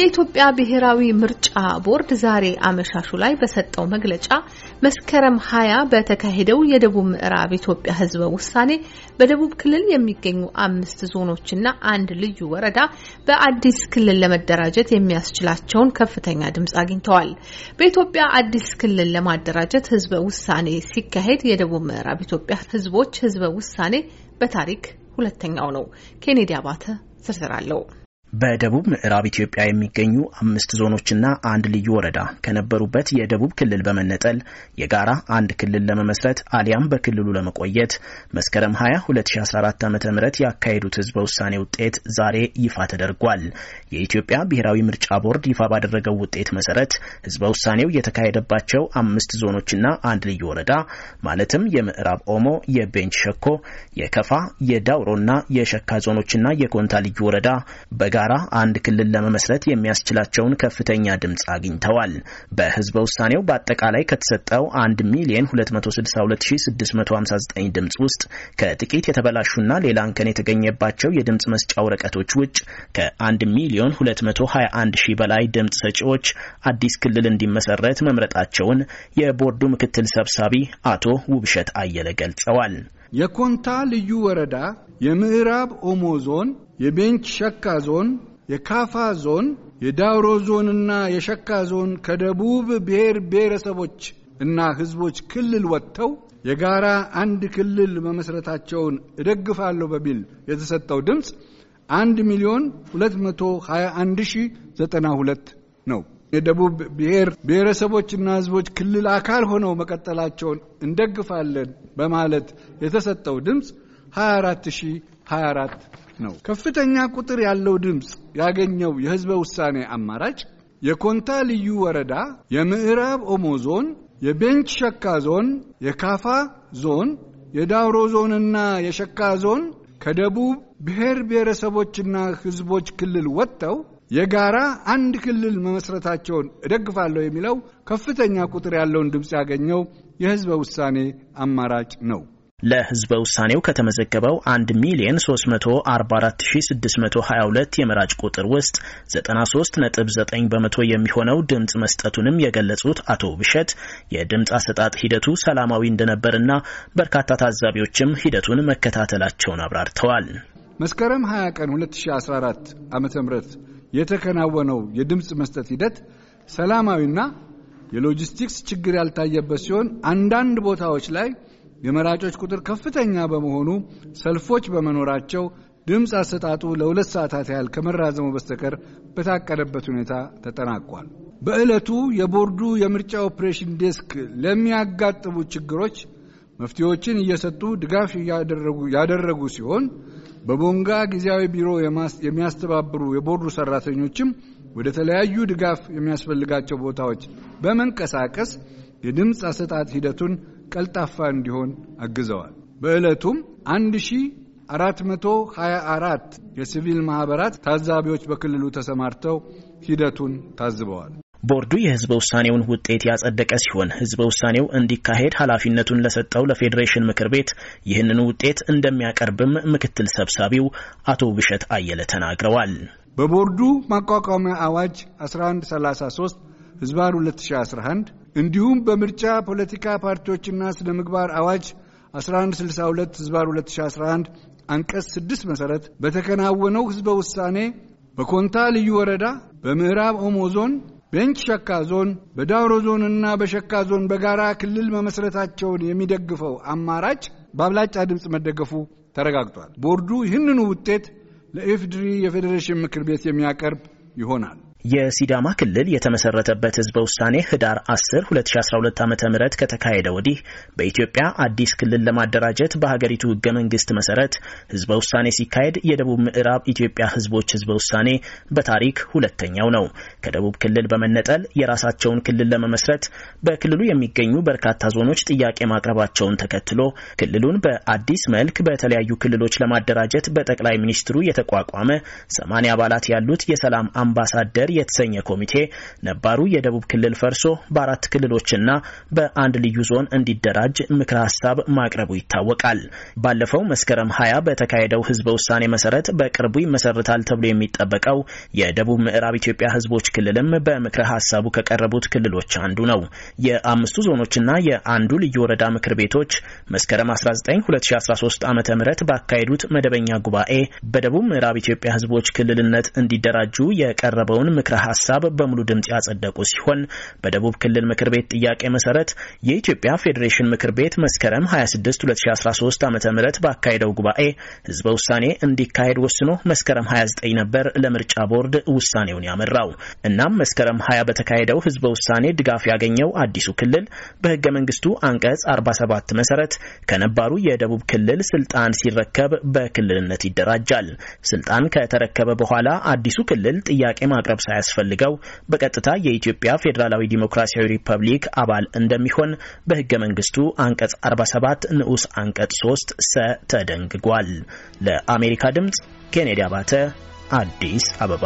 የኢትዮጵያ ብሔራዊ ምርጫ ቦርድ ዛሬ አመሻሹ ላይ በሰጠው መግለጫ መስከረም ሀያ በተካሄደው የደቡብ ምዕራብ ኢትዮጵያ ሕዝበ ውሳኔ በደቡብ ክልል የሚገኙ አምስት ዞኖችና አንድ ልዩ ወረዳ በአዲስ ክልል ለመደራጀት የሚያስችላቸውን ከፍተኛ ድምፅ አግኝተዋል። በኢትዮጵያ አዲስ ክልል ለማደራጀት ሕዝበ ውሳኔ ሲካሄድ የደቡብ ምዕራብ ኢትዮጵያ ሕዝቦች ሕዝበ ውሳኔ በታሪክ ሁለተኛው ነው። ኬኔዲ አባተ ዝርዝር አለው። በደቡብ ምዕራብ ኢትዮጵያ የሚገኙ አምስት ዞኖችና አንድ ልዩ ወረዳ ከነበሩበት የደቡብ ክልል በመነጠል የጋራ አንድ ክልል ለመመስረት አሊያም በክልሉ ለመቆየት መስከረም 20 2014 ዓ ም ያካሄዱት ህዝበ ውሳኔ ውጤት ዛሬ ይፋ ተደርጓል። የኢትዮጵያ ብሔራዊ ምርጫ ቦርድ ይፋ ባደረገው ውጤት መሰረት ህዝበ ውሳኔው የተካሄደባቸው አምስት ዞኖችና አንድ ልዩ ወረዳ ማለትም የምዕራብ ኦሞ፣ የቤንች ሸኮ፣ የከፋ፣ የዳውሮና የሸካ ዞኖችና የኮንታ ልዩ ወረዳ በጋ በጋራ አንድ ክልል ለመመስረት የሚያስችላቸውን ከፍተኛ ድምፅ አግኝተዋል። በህዝበ ውሳኔው በአጠቃላይ ከተሰጠው 1 ሚሊዮን 262659 ድምፅ ውስጥ ከጥቂት የተበላሹና ሌላ እንከን የተገኘባቸው የድምፅ መስጫ ወረቀቶች ውጭ ከ1 ሚሊዮን 221 ሺህ በላይ ድምፅ ሰጪዎች አዲስ ክልል እንዲመሰረት መምረጣቸውን የቦርዱ ምክትል ሰብሳቢ አቶ ውብሸት አየለ ገልጸዋል። የኮንታ ልዩ ወረዳ፣ የምዕራብ ኦሞ ዞን፣ የቤንች ሸካ ዞን፣ የካፋ ዞን፣ የዳውሮ ዞንና የሸካ ዞን ከደቡብ ብሔር ብሔረሰቦች እና ሕዝቦች ክልል ወጥተው የጋራ አንድ ክልል መመስረታቸውን እደግፋለሁ በሚል የተሰጠው ድምፅ 1 ሚሊዮን ሁለት ሺህ ነው። የደቡብ ብሔር ብሔረሰቦችና ህዝቦች ክልል አካል ሆነው መቀጠላቸውን እንደግፋለን በማለት የተሰጠው ድምፅ 24024 ነው። ከፍተኛ ቁጥር ያለው ድምፅ ያገኘው የህዝበ ውሳኔ አማራጭ የኮንታ ልዩ ወረዳ፣ የምዕራብ ኦሞ ዞን፣ የቤንች ሸካ ዞን፣ የካፋ ዞን፣ የዳውሮ ዞንና የሸካ ዞን ከደቡብ ብሔር ብሔረሰቦችና ህዝቦች ክልል ወጥተው የጋራ አንድ ክልል መመስረታቸውን እደግፋለሁ የሚለው ከፍተኛ ቁጥር ያለውን ድምፅ ያገኘው የህዝበ ውሳኔ አማራጭ ነው። ለህዝበ ውሳኔው ከተመዘገበው 1 ሚሊዮን 344622 የመራጭ ቁጥር ውስጥ 93.9 በመቶ የሚሆነው ድምፅ መስጠቱንም የገለጹት አቶ ብሸት የድምፅ አሰጣጥ ሂደቱ ሰላማዊ እንደነበርና በርካታ ታዛቢዎችም ሂደቱን መከታተላቸውን አብራርተዋል። መስከረም 20 ቀን 2014 ዓ.ም የተከናወነው የድምፅ መስጠት ሂደት ሰላማዊና የሎጂስቲክስ ችግር ያልታየበት ሲሆን አንዳንድ ቦታዎች ላይ የመራጮች ቁጥር ከፍተኛ በመሆኑ ሰልፎች በመኖራቸው ድምፅ አሰጣጡ ለሁለት ሰዓታት ያህል ከመራዘሙ በስተቀር በታቀደበት ሁኔታ ተጠናቋል። በዕለቱ የቦርዱ የምርጫ ኦፕሬሽን ዴስክ ለሚያጋጥሙ ችግሮች መፍትሄዎችን እየሰጡ ድጋፍ ያደረጉ ሲሆን በቦንጋ ጊዜያዊ ቢሮ የሚያስተባብሩ የቦርዱ ሰራተኞችም ወደ ተለያዩ ድጋፍ የሚያስፈልጋቸው ቦታዎች በመንቀሳቀስ የድምፅ አሰጣጥ ሂደቱን ቀልጣፋ እንዲሆን አግዘዋል። በዕለቱም 1424 የሲቪል ማኅበራት ታዛቢዎች በክልሉ ተሰማርተው ሂደቱን ታዝበዋል። ቦርዱ የህዝበ ውሳኔውን ውጤት ያጸደቀ ሲሆን ህዝበ ውሳኔው እንዲካሄድ ኃላፊነቱን ለሰጠው ለፌዴሬሽን ምክር ቤት ይህንን ውጤት እንደሚያቀርብም ምክትል ሰብሳቢው አቶ ብሸት አየለ ተናግረዋል። በቦርዱ ማቋቋሚያ አዋጅ 1133 ህዝባን 2011 እንዲሁም በምርጫ ፖለቲካ ፓርቲዎችና ስነ ምግባር አዋጅ 1162 ህዝባን 2011 አንቀጽ 6 መሠረት በተከናወነው ህዝበ ውሳኔ በኮንታ ልዩ ወረዳ በምዕራብ ኦሞ ዞን ቤንች ሸካ ዞን በዳውሮ ዞንና በሸካ ዞን በጋራ ክልል መመስረታቸውን የሚደግፈው አማራጭ በአብላጫ ድምፅ መደገፉ ተረጋግጧል። ቦርዱ ይህንኑ ውጤት ለኢፌዴሪ የፌዴሬሽን ምክር ቤት የሚያቀርብ ይሆናል። የሲዳማ ክልል የተመሰረተበት ህዝበ ውሳኔ ህዳር 10 2012 ዓ ም ከተካሄደ ወዲህ በኢትዮጵያ አዲስ ክልል ለማደራጀት በሀገሪቱ ህገ መንግስት መሰረት ህዝበ ውሳኔ ሲካሄድ የደቡብ ምዕራብ ኢትዮጵያ ህዝቦች ህዝበ ውሳኔ በታሪክ ሁለተኛው ነው። ከደቡብ ክልል በመነጠል የራሳቸውን ክልል ለመመስረት በክልሉ የሚገኙ በርካታ ዞኖች ጥያቄ ማቅረባቸውን ተከትሎ ክልሉን በአዲስ መልክ በተለያዩ ክልሎች ለማደራጀት በጠቅላይ ሚኒስትሩ የተቋቋመ 80 አባላት ያሉት የሰላም አምባሳደር ለማስተዳደር የተሰኘ ኮሚቴ ነባሩ የደቡብ ክልል ፈርሶ በአራት ክልሎችና በአንድ ልዩ ዞን እንዲደራጅ ምክረ ሀሳብ ማቅረቡ ይታወቃል። ባለፈው መስከረም ሀያ በተካሄደው ህዝበ ውሳኔ መሰረት በቅርቡ ይመሰርታል ተብሎ የሚጠበቀው የደቡብ ምዕራብ ኢትዮጵያ ህዝቦች ክልልም በምክረ ሀሳቡ ከቀረቡት ክልሎች አንዱ ነው። የአምስቱ ዞኖችና የአንዱ ልዩ ወረዳ ምክር ቤቶች መስከረም 19 2013 ዓ ም ባካሄዱት መደበኛ ጉባኤ በደቡብ ምዕራብ ኢትዮጵያ ህዝቦች ክልልነት እንዲደራጁ የቀረበውን ምክረ ሀሳብ በሙሉ ድምፅ ያጸደቁ ሲሆን በደቡብ ክልል ምክር ቤት ጥያቄ መሰረት የኢትዮጵያ ፌዴሬሽን ምክር ቤት መስከረም 26 2013 ዓ ም ባካሄደው ጉባኤ ህዝበ ውሳኔ እንዲካሄድ ወስኖ መስከረም 29 ነበር ለምርጫ ቦርድ ውሳኔውን ያመራው። እናም መስከረም 20 በተካሄደው ህዝበ ውሳኔ ድጋፍ ያገኘው አዲሱ ክልል በህገ መንግስቱ አንቀጽ 47 መሰረት ከነባሩ የደቡብ ክልል ስልጣን ሲረከብ በክልልነት ይደራጃል። ስልጣን ከተረከበ በኋላ አዲሱ ክልል ጥያቄ ማቅረብ ሳያስፈልገው በቀጥታ የኢትዮጵያ ፌዴራላዊ ዲሞክራሲያዊ ሪፐብሊክ አባል እንደሚሆን በህገ መንግስቱ አንቀጽ 47 ንዑስ አንቀጽ 3 ሰ ተደንግጓል። ለአሜሪካ ድምጽ ኬኔዲ አባተ አዲስ አበባ